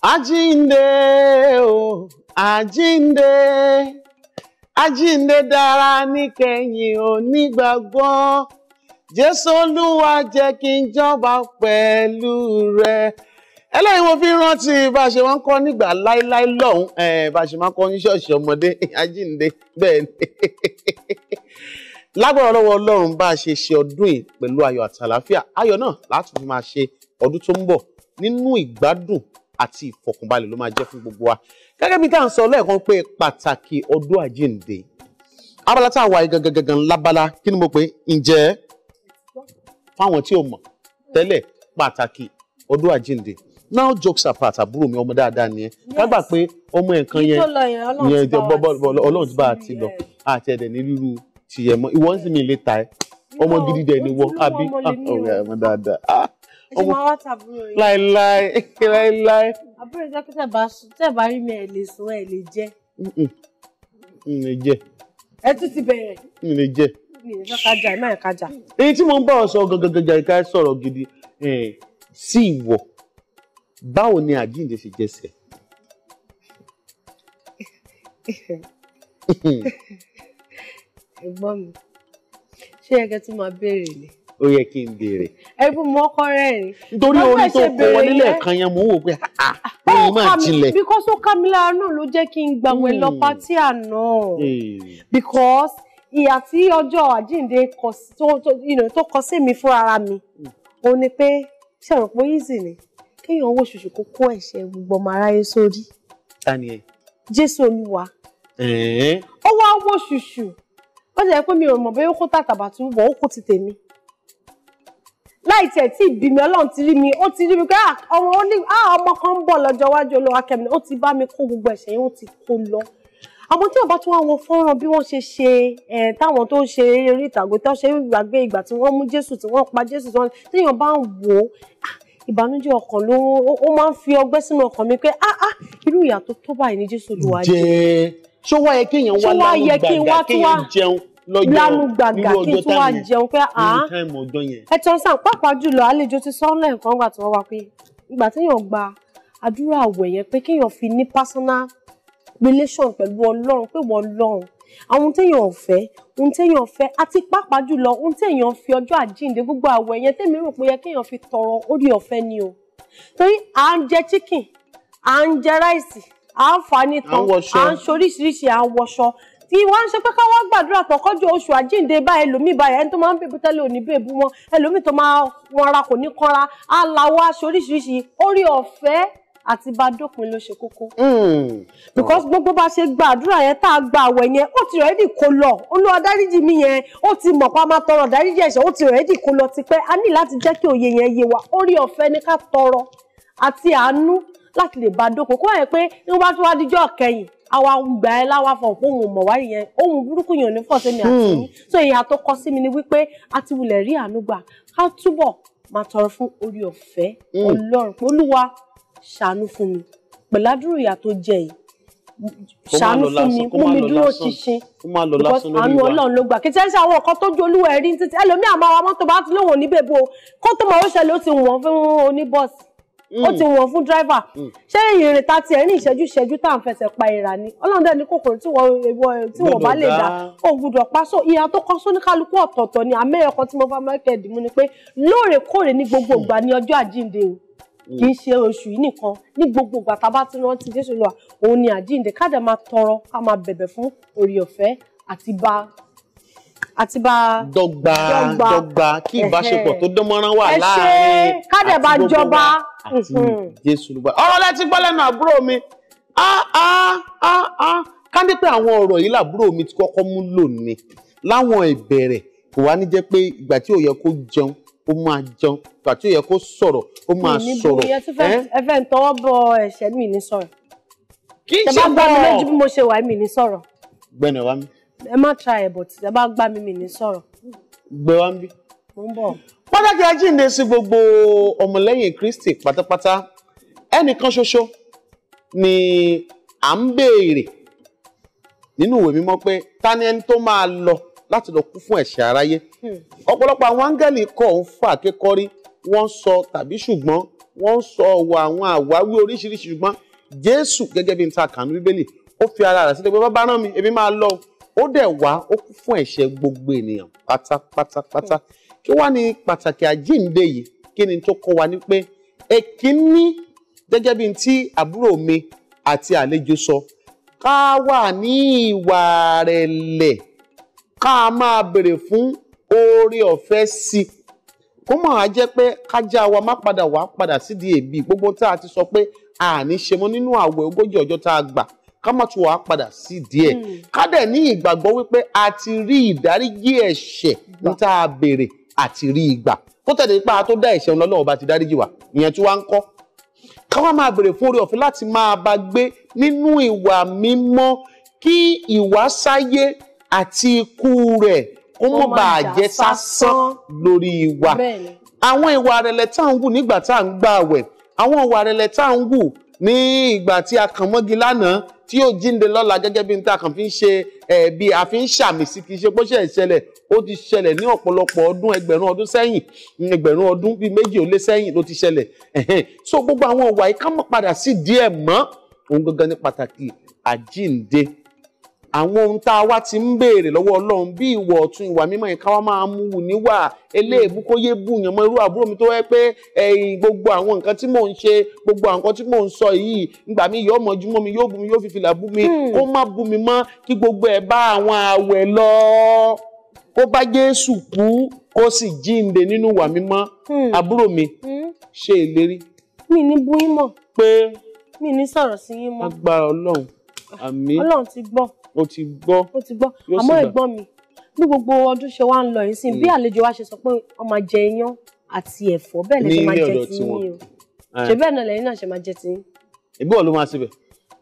Ajinde o, àjíǹde, àjíǹde dára níkẹyìn onígbàgbọ́. Jésù Olúwa jẹ́ kí n jọba pẹ̀lú rẹ̀. Eléyìí mo fi rántí ba a ṣe máa ń kọ́ nígbà láíláí lọ́hùn bá a ṣe máa ń kọ́ ní ṣọ́ọ̀ṣì ọmọdé àjíǹde bẹ́ẹ̀ ni. Lágbára lọ́wọ́ Ọlọ́run bá a ṣe ṣe ọdún yìí pẹ̀lú ayọ̀ àtàlàáfíà. Ayọ̀ náà fi máa ṣe ọdún tó ń bọ̀ nínú àti ìfọ̀kànbalẹ̀ ló máa jẹ́ fún gbogbo wa gẹ́gẹ́ bí tá à ń sọ lẹ́ẹ̀kan pé pàtàkì ọdún àjíǹde abala tá a wà gangan gangan lábala kí ni mo pè ǹjẹ́ fáwọn tí o mọ̀ tẹ́lẹ̀ pàtàkì ọdún àjíǹde now jokes apart àbúrò mi ọmọ dáadáa nìyẹn kágbà pé ọmọ ẹ̀kan yẹn yẹn ọlọ́run ti bá a ti lọ àti ẹ̀dẹ̀ ní rírú tìyẹ̀mọ́ ìwọ́n sì mi lè ta ẹ ọmọ gidi dẹ̀ ni wọ́n àbí ọmọ ah, dáadáa. Ah, ọmọ láìláì láìláì. àbúrò jẹ́ pé tẹ̀ bá rí mi ẹ̀ lè sùn ẹ̀ lè jẹ́. n lè jẹ. ẹ tún ti bẹ̀rẹ̀. n mm, lè jẹ. mi ò fẹ́ kájà ẹ̀ máa kájà. èyí tí mo ń bá ọ sọ gangan ìka sọ̀rọ̀ gidi eh, sí ìwọ báwo ni àjíǹde ṣe jẹsẹ̀. ẹ̀gbọ́n mi ṣé ẹ̀kẹ́ tún máa béèrè ni. ó yẹ kí n béèrè ẹbí mọ ọkọ rẹ ni. nítorí orin tó kọ wọn nílẹ̀ kan yẹn mò ń wò pé ah, ah, orin máa jinlẹ̀. because ó ká mi lára náà ló jẹ́ kí n gbà wẹ̀ lọ hmm. pátí àná because ìyà tí ọjọ́ àjíǹde tó kọ sí mi fún ara mi òun ni pé ṣe rò pé easy ni kéèyàn owó ṣoṣù kó kó ẹ̀ṣẹ̀ gbogbo ọmọ aráyé sórí. ta ni ẹ. jésù olúwa. ó wá owó ṣoṣù ó jẹ́ pé mi ò mọ̀ bóyá ó kó tàtàbà tún wọ̀ ó kó ti tèmi láì tẹ̀ tí ìbímọ ọlọ́run ti rí mi ó ti rí mi pé ah, ọmọ ó ní ah, ọmọ kan ń bọ̀ lọ́jọ́ iwájú olówó kẹ́mi ó ti bá mi kó gbogbo ẹ̀ṣẹ̀ yẹn ó ti kó lọ àmọ́ tí ọba tí wọ́n wo fọ́nrán bí wọ́n ṣe ṣe ẹ̀ táwọn tó ń ṣe eré ìtàgé tó ṣe gbàgbé ìgbà tí wọ́n mú jésù tí wọ́n pa jésù tí wọ́n téèyàn bá ń wò ó ah, ìbànújẹ́ ọkàn ló ó máa ń fi ọgbẹ́ sínú ọkàn mi pé ah ah irú ìyà tó tó báyìí ni jésù ló wá jẹ ṣó wá yẹ kéèyàn wá lálùgbàgbà kéèyàn jẹun lánú gbàgà kí n tún wá jẹun pé à ẹ tán sàn pàápàá jùlọ àlejò ti sọ́nà ẹ̀kan gbà tí wọ́n wá pé ìgbà téèyàn gba àdúrà àwẹ̀ yẹn pé kéèyàn fi ní personal relation pẹ̀lú ọlọ́run pé wọ́n lọ́run àwọn ohun téèyàn ò fẹ́ ohun téèyàn fẹ́ àti pàápàá jùlọ ohun téèyàn fi ọjọ́ àjíǹde gbogbo àwẹ̀ yẹn tèmi rò pé yẹ kéèyàn fi tọrọ orí ọ̀fẹ́ ni o torí à ń jẹ chicken à ń jẹ ráìsì à ń fa nítan à ń ṣoríṣiríṣi à ń wọṣọ tí wọ́n ń ṣe pé káwọn gbàdúrà tọkọjú oṣù àjíǹde bá ẹlòmíì báyẹn ẹni tó máa ń bèbú tẹ́lẹ̀ òní bèbú wọn ẹlòmíì tó máa wọn ra kò ní kanra aláwọ̀ aṣọ oríṣiríṣi orí ọ̀fẹ́ àti bá dópin ló ṣe kókó. Hmm. because gbogbo bá ṣe gba àdúrà yẹn tá a gba àwẹ̀ yẹn ó ti rẹ́dì kó lọ olúwa dáríjì mi yẹn ó ti mọ̀ pa máa tọrọ dáríjì ẹ̀ṣẹ̀ ó ti rẹ́dì kó lọ tipẹ́ a ní láti jẹ́ kí òye yẹn yé wa orí ọ̀fẹ́ ni ká tọrọ àti àánú láti lè bá dópin kó ẹ̀ pé níwájú wá díjọ́ kẹyìn àwa gbà ẹ láwa fọ pé òun mọ̀ wá ìyẹn ohun burúkú yẹn ò ní fọ̀ sí àti hmm. so ìyá tó kọ sí mi ni wípé a ti wulẹ̀ rí àánú gbà ká túbọ̀ máa tọrọ fún orí ọ̀fẹ́ hmm. ọlọ́run pé olúwa ṣàánú fún mi pẹ̀ládùrú ìyà tó jẹ yìí ṣàánú fún mi mú mi dúró ṣinṣin because àánú ọlọ́run ló gbà kí tẹ́ ṣe àwọn nǹkan tó ju olúwa ẹ̀rí títí ẹlòmíà máa mọ́tò bá ti Mm. ó ti wọ̀n fún dráìvà mm. ṣé ìrìn ta tiẹ̀ ní ìṣẹ́jú ìṣẹ́jú tá à ń fẹsẹ̀ pa ìrà ni ọlọ́run dẹ́ni kòkòrò tí wọ́n bá lè dá ó pa so ìyá tó kọ́ sóníkálukú ọ̀tọ̀ọ̀tọ̀ ni àmẹ́yọkọ tí mo bá mẹ́kẹ́ dì mú ni pé lóòrèkóòrè ní gbogbo ìgbà ní ọjọ́ àjíǹde o mm. kì í ṣe oṣù yìí nìkan ní gbogbo ìgbà tá a bá ti rántí Jésù lọ òun ni àjíǹde ká dẹ̀ máa tọrọ ká máa bẹ̀bẹ̀ fún oore ọ̀fẹ́ àti bá àti bá dọ́gba dọ́gba kí ìbáṣepọ̀ tó dánmọ́rán wà láàrin àti gbogbo wa àti Jésù lùgbà. ọ̀rọ̀ lẹ́tí gbọ́ lẹ́nu àbúrò mi ká ní pé àwọn ọ̀rọ̀ yìí làbúrò mi ti kọ́kọ́ mú lónìí láwọn ìbẹ̀rẹ̀ kò wá ní jẹ́ pé ìgbà tí ò yẹ kó jẹun ó máa jẹun ìgbà tí ó yẹ kó sọ̀rọ̀ ó máa sọ̀rọ̀. ẹ fẹ́ ń tọwọ́ bọ ẹ̀ṣẹ̀ mi ní sọ̀rọ̀. kì í ṣe bọ́ọ̀ tẹ bá gbá mi ẹ má try ẹ̀ but ẹ bá gbá mi mi ní sọ̀rọ̀. gbé wá ń bí. mo ń bọ̀. pàtàkì àjíǹde sí gbogbo ọmọlẹ́yìn Kristi pátápátá ẹnìkan ṣoṣo ni à ń béèrè nínú ìwé mímọ́ pé ta ni ẹni tó máa lọ láti lọ kú fún ẹ̀ṣẹ̀ aráyé hmm. ọ̀pọ̀lọpọ̀ àwọn áńgẹ́lì kọ̀ ń fà kékọ́rí wọ́n sọ tàbí ṣùgbọ́n wọ́n sọ ọ̀wọ̀ àwọn àwáwí oríṣiríṣi ṣùgbọ́n Jésù gẹ́gẹ́ bí n ta kànú Bíbélì ó fi ara rẹ̀ sílẹ̀ pé bàbá rán mi èmi máa lọ ó dẹ̀ wá ó kún fún ẹ̀ṣẹ̀ gbogbo ènìyàn pátápátápátá hmm. kí wá ní pàtàkì àjíǹde yìí kí ni tó kọ́ wa ní pé èkínní gẹ́gẹ́ bíi ti àbúrò mi àti àlejò sọ ká wà ní ìwà rẹ̀lẹ̀ ká máa béèrè fún oore ọ̀fẹ́ sí i kó mọ̀ á jẹ́ pé kájá wa má padà wá padà sídìí èébì gbogbo tá a ti sọ pé àní ṣe mọ́ nínú àwẹ̀ ogójì ọjọ́ tá a gbà ká má tún wàá padà sí díẹ̀ hmm. ká dẹ̀ ní ìgbàgbọ́ wípé a ti rí ìdáríjì ẹ̀ṣẹ̀ ní tá a béèrè àti rí ìgbà kó tẹ̀lé pé a tó dá ẹ̀ṣẹ̀ ńlọ náà ọba ti dáríjì wá ìyẹn tí wàá ń kọ́ ká wá máa béèrè fún oore ọ̀fẹ́ láti máa bá gbé nínú ìwà mímọ́ kí ìwásáyé àti ikú rẹ̀ kó mọ̀ bá a jẹ́ sásán lórí wa àwọn ìwà rẹ̀lẹ̀ tá à ń wù nígbà tá à ń gbààwẹ̀ àwọn ìwà rẹ̀lẹ̀ tá à ń wù ní ìgbà tí a kàn mọ́gi lánàá tí yóò jíǹde lọ́la gẹ́gẹ́ bí n ta kàn fi ń ṣe bí a fi ń ṣàmì sí kì í ṣe pọ́ṣẹ̀ ìṣẹ̀lẹ̀ ó ti ṣẹlẹ̀ ní ọ̀pọ̀lọpọ̀ ọdún ẹgbẹ̀rún ọdún sẹ́yìn ẹgbẹ̀rún ọdún bíi méjì ó lé sẹ́yìn ló ti ṣẹlẹ̀ so gbogbo àwọn ìwà yìí ká mọ̀ padà sí díẹ̀ mọ́ òun gangan ní pàtàkì àjíǹde àwọn ohun tá a wá ti ń béèrè lọ́wọ́ ọlọ́run bí ìwọ ọ̀tún ìwà mímọ́ yẹn ká wá máa mú wù níwà eléèbú kó yé bùyàn mọ́ irú àbúrò mi tó wẹ́ pé ẹ̀yìn gbogbo àwọn nǹkan tí mò ń ṣe gbogbo àwọn nǹkan tí mò ń sọ yìí ìgbà mi yóò mọ̀jú mọ́ mi yóò bú mi yóò fi fìlà bú mi hmm. kó má bú mi mọ́ kí gbogbo ẹ̀ bá àwọn àwẹ̀ lọ kó bá Jésù kú kó sì jíǹde nínú ìwà mímọ́ hmm. àbúrò mi hmm. ṣe ìlérí. mi ní bú yín pé mi ní sọ̀rọ̀ sí yín agbára ọlọ́run àmín Ọlọ́run ti gbọ́ ó ti gbọ́ ó ti gbọ́ àmọ́ ẹ̀gbọ́n mi bí gbogbo ọdún ṣe wá ń lọ yìí sí mm. bí àlejò wa ṣe sọ pé ọmọ jẹ iyán àti ẹ̀fọ́ bẹ́ẹ̀ lẹsẹ máa jẹ ti yín o ṣe bẹ́ẹ̀ náà lẹ́yìn náà ṣe máa jẹ ti yín. ìgbọ́ ló máa síbẹ̀.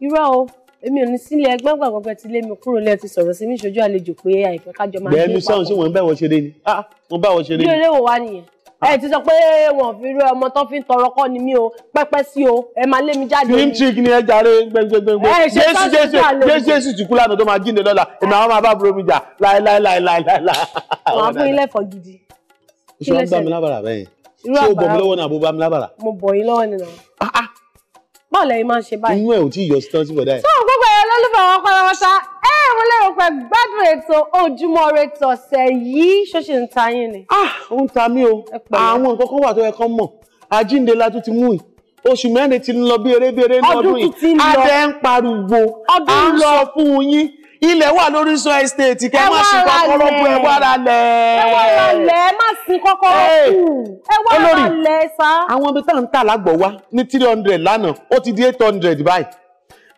irọ́ o èmi ò ní sílé ẹgbẹ́ gbàgbọ́gbẹ́ ti lé mi kúrò lẹ́ẹ̀ ti sọ̀rọ̀ sí mi ìṣojú àlejò pé àìfẹ́ kájọ máa ń gbé papọ̀. bẹ́ẹ̀ mi sọ̀rọ̀ ẹ ti sọ pé wọn fi rú ọmọ tán fi ń tọrọ kọ ni mí o pẹpẹ sí o ẹ máa lé mi jáde. slim chick ni ẹ jàre gbẹgbẹgbẹ jésù jésù jésù jésù ti kú tó máa jíǹde lọ́la èmi àwọn máa bá burú mi jà láéláéláéláéláé. màá fún ilé ẹ̀fọ́ gidi. ìṣòro ń bá mi lábàrà bẹ́ẹ̀ ṣé o bọ̀ mi lọ́wọ́ ní àbó bá mi lábàrà. mo bọ̀ yín lọ́wọ́ nínú. Ah, ah. báwo lẹ́yìn máa ń ṣe báyìí. inú ẹ̀ ò tí ì yọ mo lérò pé gbádùn ètò ojúmọ́ ire tọ̀sẹ̀ yìí ṣóṣì ń ta yín ni. ah ó ń ta mí o àwọn nǹkan kan wà tó yẹ kán mọ̀ àjíǹde la tún ti mú yìí oṣù mẹ́rin ti ń lọ bí erébèrè lọ́dún yìí adé ń pariwo à ń sọ fún yín ilẹ̀ wà lórí sọ ẹ́stéètì kẹ́ má sí kọ́kọ́rọ́ kú ẹ wá lẹ̀. ẹ wá lẹ̀ má sí kọ́kọ́rọ́ kú ẹ wá lẹ̀ sá. àwọn ibi tá à ń tà lágbọ̀ wá ní three hundred lánàá ó ti di eight hundred báyìí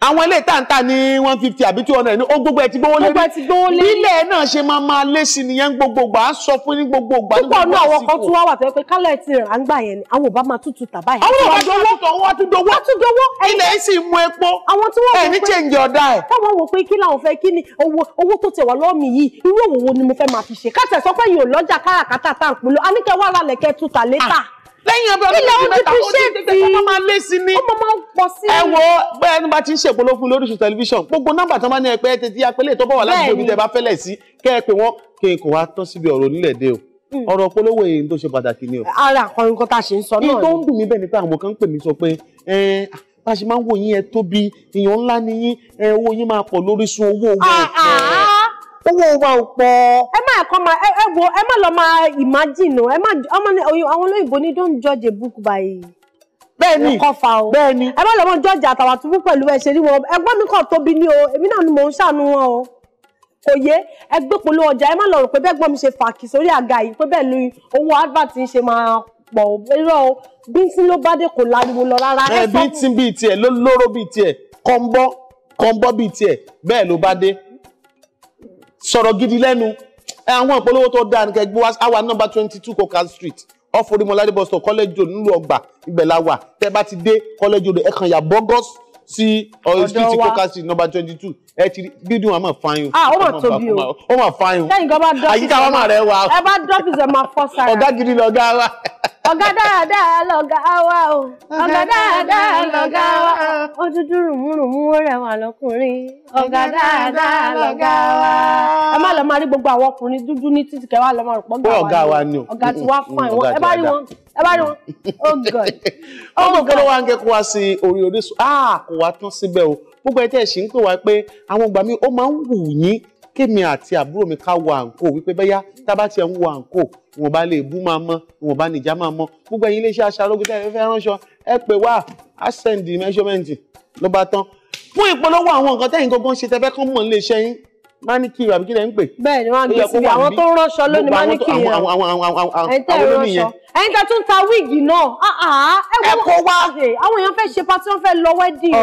àwọn ilé ìtàǹtà ní one fifty àbí two hundred ní ó gbogbo ẹ ti gbówó lérí gbogbo ẹ ti gbówó lérí bílẹ̀ náà ṣe máa máa lé sí nìyẹn gbogbo gbà á sọ fún ní gbogbo gbà ní gbogbo àsìkò púpọ̀ náà àwọn kan tún wá wà tó yẹ pé kálọ̀ ẹ̀ ti rà ń gbà yẹn ni àwọn ò bá máa tútù tàbá yẹn. àwọn ò bá tó wọ́n tún dowó wọ́n tún dowó ilẹ̀ yìí sì mú epo àwọn tí wọ́n wò pé ẹni change ọ̀dà ẹ̀. táwọn wò pé kí làwọn fẹ́ kí ni owó owó tó tẹ̀ wá lọ́ọ̀mì yìí irú òwò wo ni mo fẹ́ máa fi ṣe káàtẹ̀ sọ pé yìí ò lọ́jà káràkátà tá à ń polo a ní kẹ́ wá ralẹ̀ kẹ́ tuta létà. Ah lẹ́yìn ọbẹ̀ ọdún méjì mẹ́ta ó ti tètè kọ́kọ́ máa lé sí ní. ọmọ máa ń pọ̀ sí i. ẹ wo bẹ́ẹ̀ ẹni bá ti ń ṣèpolówó fún lóríṣi tẹlifíṣàn gbogbo nọ́mbà tó máa ní ẹpẹ́ tètè apẹ́lẹ̀ tó bọ̀ wà ládùúgbò ibi tẹ́ bá fẹ́lẹ̀ sí kẹ́ ẹ pé wọ́n kí n kò wá tán síbi ọ̀rọ̀ onílẹ̀ dé o hmm. ọ̀rọ̀ polówó èyí tó ṣe pàtàkì ni o. ara kan nǹkan tá a ṣe ń sọ náà ni. ìtọ́ ń dùn mí bẹ́ẹ̀ ni pé àwọn kan ń pè mí sọ pé bá a ṣe máa ń wò yín ẹ tóbi èèyàn ńlá ni yín owó yín máa pọ̀ lóríṣun owó owó ọ̀pọ̀ ah, ah. owó wa ò pọ̀. ẹ m náà kọ́ ẹ wo ẹ má lọ máa imagine ẹ má ọmọ àwọn olóyìnbó ní don't judge a book by bẹ́ẹ̀ni kọfà o bẹ́ẹ̀ni ẹ má lọ mọ judge àtàwàtúbú pẹ̀lú ẹ ṣe rí wọn ẹ̀gbọ́n mi kàn tóbi ní o èmi náà ni mò ń ṣàánú wọn o kò yé ẹ polówó ọjà ẹ má lọ rò pé bẹ́ẹ̀ gbọ́n ṣe fàkì sórí àga yìí pé bẹ́ẹ̀ ni owó advert ń ṣe máa pọ̀ irọ́ o bíntín ló bá dé kò láriwo lọ rárá. ẹ bíntín bíi tiẹ̀ lóró bíi tiẹ̀ kọ́ńbọ́ kọ́ńbọ́ bíi tiẹ̀ bẹ́ẹ̀ ló bá dé sọ̀rọ̀ gidi lẹ́nu àwọn ìpolówó tó dáa ní kẹgbẹ́ wá àwa nọ́mbà twenty two coca street off Orímọládé bus stop college road nílùú ọgbà ibẹ̀ la wà tẹ́ bá ti dé college road ẹ̀kan yà bọ́gọ́sì sí street kókàsí number twenty two ẹ ti rí bídùn àmọ́ fáyún. a ah, ó mà tóbi o ó mà fáyún. sẹ́yìn kan bá dọ́fíìsì àyíká wa máa rẹ̀ wá. ẹ bá dọ́fíìsì ẹ máa fọ́ sára. ọ̀gá gidi lọ̀gá wa. ọ̀gá dáadáa lọ̀gá wa o ọ̀gá dáadáa lọ̀gá wa ó dúdú rùmúrùmú ó rẹwà lọkùnrin ọ̀gá dáadáa lọ̀gá wa. ẹ má lọ máa rí gbogbo àwọn ọkùnrin dúdú ní títì kẹwàá lọ máa rò pọ̀ ọ̀gá wa ni o ọ̀gá tiwa fún àwọn ẹ bá rí wọn oh god ọmọ ìpínlẹ̀ oh wa ń kẹ́ kó wá sí orí Orísun ah kò wá tán síbẹ̀ o gbogbo ẹtẹ́ ṣì ń pè wá pé àwọn ìgbà mi ó máa ń wù yín kémi àti àbúrò mi ká wo àǹkó wípé bẹ́yà tá a bá tiẹ̀ ń wo àǹkó wọn bá lè bú máa mọ wọn bá nìjà máa mọ gbogbo ẹ̀yin iléeṣẹ́ aṣarógun tẹ́ ẹ fẹ́ ránṣọ ẹ pè wá ascendi measurement ló bá tán fún ìpolówó àwọn nǹkan tẹ́yìn gangan ṣe tẹ́fẹ́ kán mọ̀ níléeṣẹ́ yín máníkì àbí kí lẹ ń pè. bẹ́ẹ̀ ni wọn gbé síbi àwọn tó ń ránṣọ lónìí máníkì yẹn ẹyin tẹ ránṣọ ẹyin tẹ tún ta wíìgì náà ah, ah. ẹ kó wá àwọn èèyàn fẹ́ ṣe pátí wọn fẹ́ lọ wedding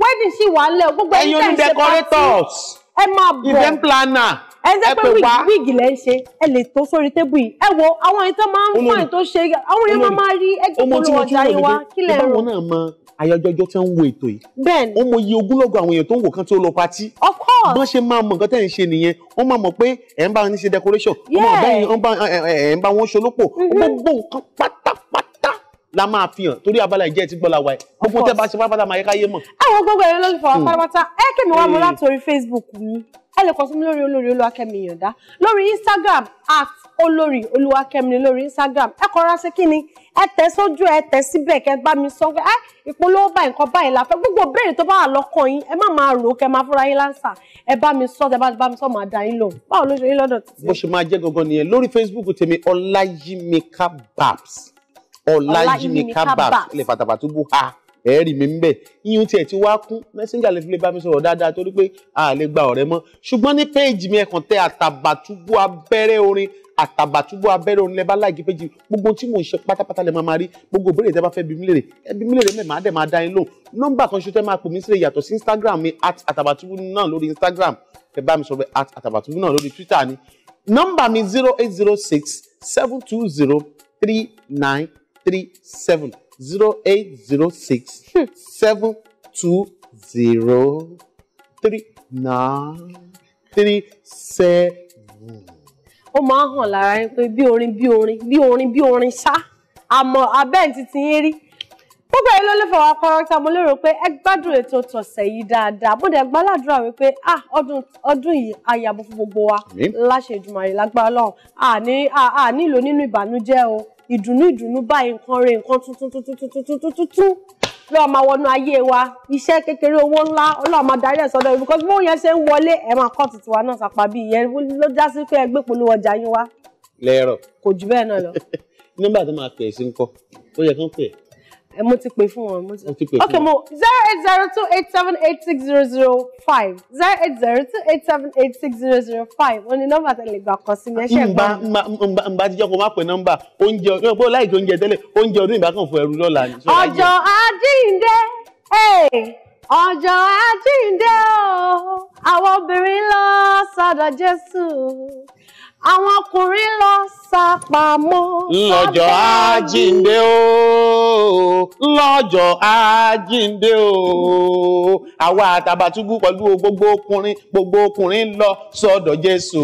wedding sì wà lẹ gbogbo ẹyin tẹ ń ṣe pátí ẹ máa bọ̀ event planner ẹ jẹ́ pé wíìgì lẹ́ ń ṣe ẹ lè tó sórí tébù yìí ẹ wo àwọn èèyàn tó máa ń fún ẹ tó ṣe àwọn èèyàn máa máa rí ẹgbẹ́ olùwọ̀jà yín wá kí lẹ́ rò ayọjọjọ tí ń wo ètò yìí. bẹ́ẹ̀ni ó mọ iye ogúnlọ́gọ̀ àwọn èèyàn tó ń wò kán tó lọ patí. of course bọ́n ṣe máa mọ nǹkan tẹ́ ẹ̀ ń ṣe nìyẹn wọ́n máa mọ̀ pé ẹ̀ ń bá wọn ṣe decoration wọ́n máa bá ẹ̀ ń bá wọn ṣolópò mm-hmm. gbogbo nǹkan pátápátá la máa fi hàn torí abala ìjẹ́ ti gbọ́ la wa ẹ̀ gbogbo tẹ́ bá ṣe pátápátá máa yẹ káyé mọ̀. àwọn gbogbo ẹ̀rọ ló ń fọwọ́ mm. pátápátá ẹ kí mi wá mọ láti orí Facebook mi ẹ lè kàn sí mi lórí olórí olúwakẹ́mi yọ̀ǹda lórí instagram at olórí olúwakẹ́mi lórí instagram ẹ kọra sí kí ni ẹ tẹ sójú ẹ tẹ síbẹ̀ kẹ bá mi sọ pé ẹ ah, ìpolówó báyìí nǹkan báyìí la fẹ́ gbogbo béèrè tó bá wà lọ́kàn yín ẹ má máa rò ó kẹ máa fúnra yín láǹsà ẹ bá mi sọ tẹ bá mi sọ máa dá yín lò báwo ló ṣe yín lọ́dọ̀ tí. bó ṣe máa jẹ́ gangan nìyẹn lórí facebook tèmi ọláyímíkà babs ọláyímíkà babs ilẹ̀ fàtàfàtúbù ha ẹ̀ẹ́rì mi ń bẹ̀ iyún tiẹ̀ ti wá kún messenger lè fi lè bá mi sọ̀rọ̀ dáadáa torí pé a lè gba ọ̀rẹ́ mọ́ ṣùgbọ́n ní péèjì mi ẹ̀kàn tẹ àtàbàtúbú abẹ́rẹ́ orin àtàbàtúbú abẹ́rẹ́ orin lẹ́bàá láìkí péjì gbogbo tí mò ń ṣe pátápátá lè máa ma rí gbogbo ìbéèrè tẹ́ bá fẹ́ bí mi lèrè ẹbí mi lèrè mẹ́ẹ̀ máa dẹ̀ máa dá yín lóhùn nọ́mbà kan ṣo tẹ́ Instagram mi at àtàbàtúbú náà lórí Instagram tẹ́ bá mi sọ̀rọ̀ at àtàbàtúbú náà lórí Twitter ni nọ́mbà mi zero eight zero six seven two zero three nine three seven zero eight zero six seven two zero three nine three seven. ó máa ń hàn lára yín pé bí orin bí orin bí orin bí orin ṣá àmọ́ abẹ́ǹtì ti ń rí gbogbo èyí ló lè fọwọ́ pọ́nrọ́tà mo lérò pé ẹ gbádùn ètò tọ̀sẹ̀ yìí dáadáa mo dẹ̀ gbàládùra wípé ah, ọdún yìí ayàbọ̀ fún gbogbo wa láṣẹ Èdùmàrè lágbára Ọlọ́run àní nílò nínú ìbànújẹ́ o ìdùnnú ìdùnnú báyìí nǹkan rẹ̀ nǹkan tuntun tuntun tuntun tuntun tuntun lọ́ọ́ máa wọnú ayé wa iṣẹ́ kékeré owó ńlá ọlọ́ọ̀ máa darí ẹ̀ sọ́dọ̀ because bí yẹn ṣe ń wọlé ẹ̀ máa kọ́ tuntun wa náà sàpà bí ìyẹn ló já sí pé ẹgbẹ́ polówó ọjà yín wá. lẹ́rọ̀ kò jù bẹ́ẹ̀ náà lọ. nígbà tó máa pè é sí ń kọ́ ó yẹ kán pè é Eh, mo ti mo ti pè fún wọn. ok mo zero eight zero two eight seven eight six zero zero five zero eight zero two eight seven eight six zero zero five ó ní nọ́mbà tẹ́lẹ̀ gbà kọ sí mi ẹṣẹ gbà. nba nba nba ti jẹ́ kó má pè nọ́mbà oúnjẹ ọdún ọgbọ́n láì jẹ oúnjẹ tẹ́lẹ̀ oúnjẹ ọdún ìbákan fún ẹrú lọ́la. ọjọ́ àjíǹde ọjọ́ àjíǹde o àwọn obìnrin lọ sọ́dọ̀ Jésù àwọn ọkùnrin lọ sá pamọ́. lọ́jọ́ àjíǹde o lọ́jọ́ àjíǹde o àwa àtàbàtúbú pẹ̀lú gbogbo ọkùnrin gbogbo ọkùnrin lọ sọ́dọ̀ Jésù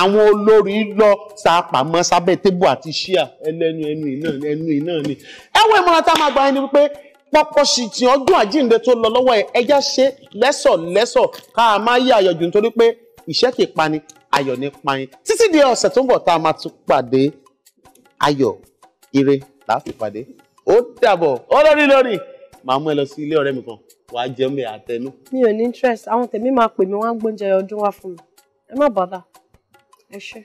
àwọn olórí lọ sá pamọ́ sábẹ́ tébù àti ṣíà ẹlẹ́nu ẹnu iná ẹnu iná ni. ẹ wo ìmọ̀ràn tá a máa gba ẹni wípé pọpọ sì tí ọdún àjíǹde tó lọ lọ́wọ́ ẹ ẹjá ṣe lẹ́sọ̀lẹ́sọ̀ ká má yà àyọ̀jù nítorí pé ìṣẹ́ pani ayọ̀ ní pààyàn títí di ọ̀sẹ̀ tó ń bọ̀ tá a máa tún pàdé ayọ̀ ire láti pàdé ó dàbọ̀ ó lórí lórí màá mú ẹ lọ sí ilé ọ̀rẹ́ mi kan wàá jẹun bẹ àtẹnu. mi ò ní interest àwọn tèmi máa pè mí wọn á gbóúnjẹ ọdún wá fún mi ẹ má bàbá ẹ ṣé.